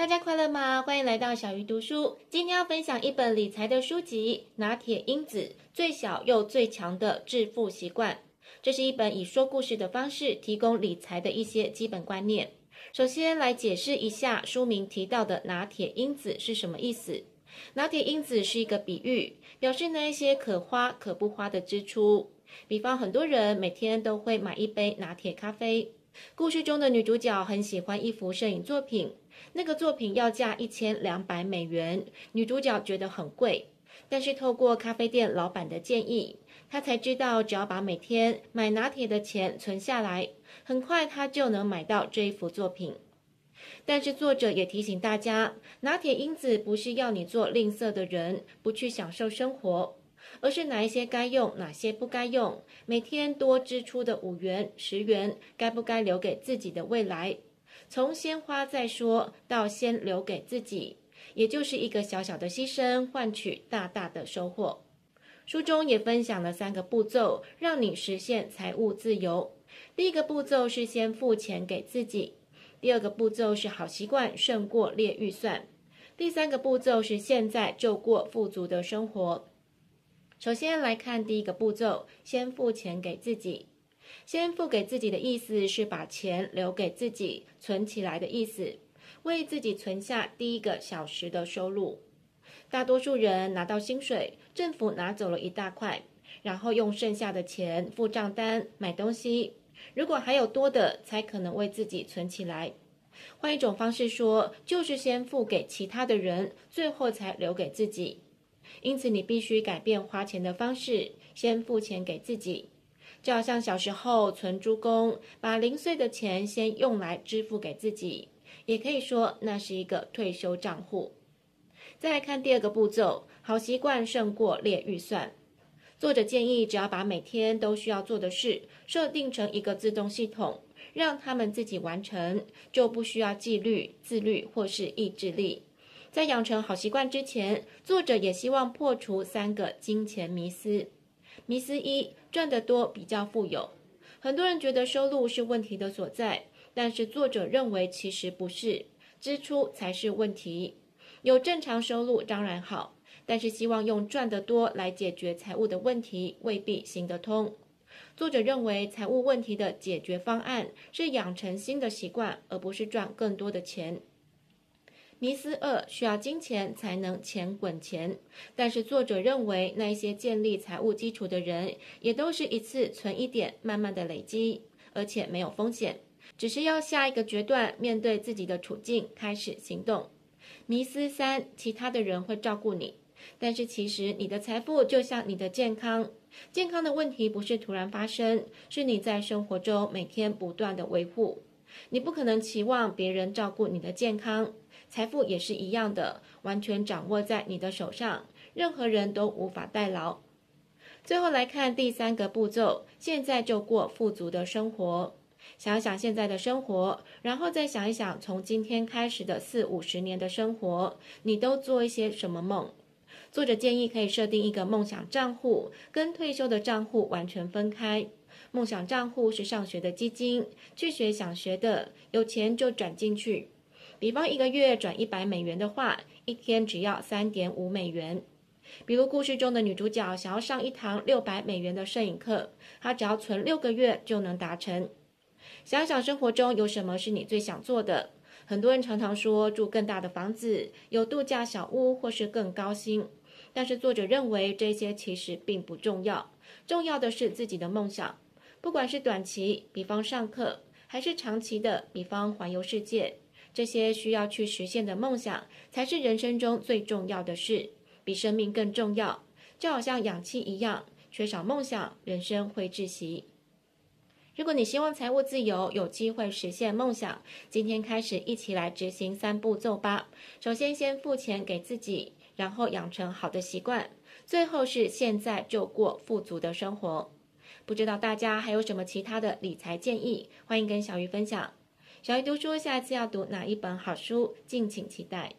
大家快樂嗎？歡迎來到小魚讀書。今天要分享一本理財的書籍《拿鐵因子：最小又最強的致富習慣》。這是一本以說故事的方式提供理財的一些基本觀念。首先來解釋一下書名提到的“拿鐵因子”是什麼意思。拿鐵因子是一個比喻，表示那一些可花可不花的支出。比方很多人每天都會買一杯拿鐵咖啡。故事中的女主角很喜歡一幅攝影作品，那個作品要價一千兩百美元，女主角覺得很貴。但是透過咖啡店老闆的建議，她才知道只要把每天買拿鐵的錢存下來，很快她就能買到這一幅作品。但是作者也提醒大家，拿鐵因子不是要你做吝嗇的人，不去享受生活。而是哪一些該用，哪些不該用？每天多支出的五元、十元，該不該留給自己的未來？從先花再說到先留給自己，也就是一個小小的犧牲，換取大大的收穫。書中也分享了三個步驟，讓你實現財務自由。第一個步驟是先付錢給自己；第二個步驟是好習慣勝過列預算；第三個步驟是現在就過富足的生活。首先來看第一個步驟，先付錢給自己。先付給自己的意思是把錢留給自己，存起來的意思，為自己存下第一個小時的收入。大多數人拿到薪水，政府拿走了一大塊，然後用剩下的錢付賬單、買東西。如果還有多的，才可能為自己存起來。換一種方式說，就是先付給其他的人，最後才留給自己。因此，你必須改變花錢的方式，先付錢給自己，就好像小時候存豬公，把零碎的錢先用來支付給自己，也可以說那是一個退休賬戶。再來看第二個步驟，好習慣勝過列預算。作者建議，只要把每天都需要做的事設定成一個自動系統，讓他們自己完成，就不需要紀律、自律或是意志力。在養成好習慣之前，作者也希望破除三個金錢迷思。迷思一：賺得多比較富有。很多人覺得收入是問題的所在，但是作者認為其實不是，支出才是問題。有正常收入當然好，但是希望用賺得多來解決財務的問題未必行得通。作者認為財務問題的解決方案是養成新的習慣，而不是賺更多的錢。迷思二：需要金錢才能錢滾錢，但是作者認為，那一些建立財務基礎的人也都是一次存一點，慢慢的累積，而且沒有風險，只是要下一個決斷，面對自己的處境，開始行動。迷思三：其他的人會照顧你，但是其實你的財富就像你的健康，健康的問題不是突然發生，是你在生活中每天不斷的維護。你不可能期望別人照顧你的健康，財富也是一樣的，完全掌握在你的手上，任何人都無法代勞。最後來看第三個步驟，現在就過富足的生活。想一想現在的生活，然後再想一想從今天開始的四五十年的生活，你都做一些什麼夢？作者建議可以設定一個夢想賬戶，跟退休的賬戶完全分開。夢想賬戶是上學的基金，去學想學的，有錢就轉進去。比方一個月轉一百美元的話，一天只要三點五美元。比如故事中的女主角想要上一堂六百美元的攝影課，她只要存六個月就能達成。想想生活中有什麼是你最想做的？很多人常常說住更大的房子、有度假小屋或是更高薪，但是作者認為這些其實並不重要。重要的是自己的夢想，不管是短期，比方上課，還是長期的，比方環遊世界，這些需要去實現的夢想，才是人生中最重要的事，比生命更重要。就好像氧氣一樣，缺少夢想，人生會窒息。如果你希望財務自由，有機會實現夢想，今天開始一起來執行三步驟吧。首先，先付錢給自己，然後養成好的習慣。最後是現在就過富足的生活，不知道大家還有什麼其他的理財建議，歡迎跟小魚分享。小魚讀書，下一次要讀哪一本好書，敬請期待。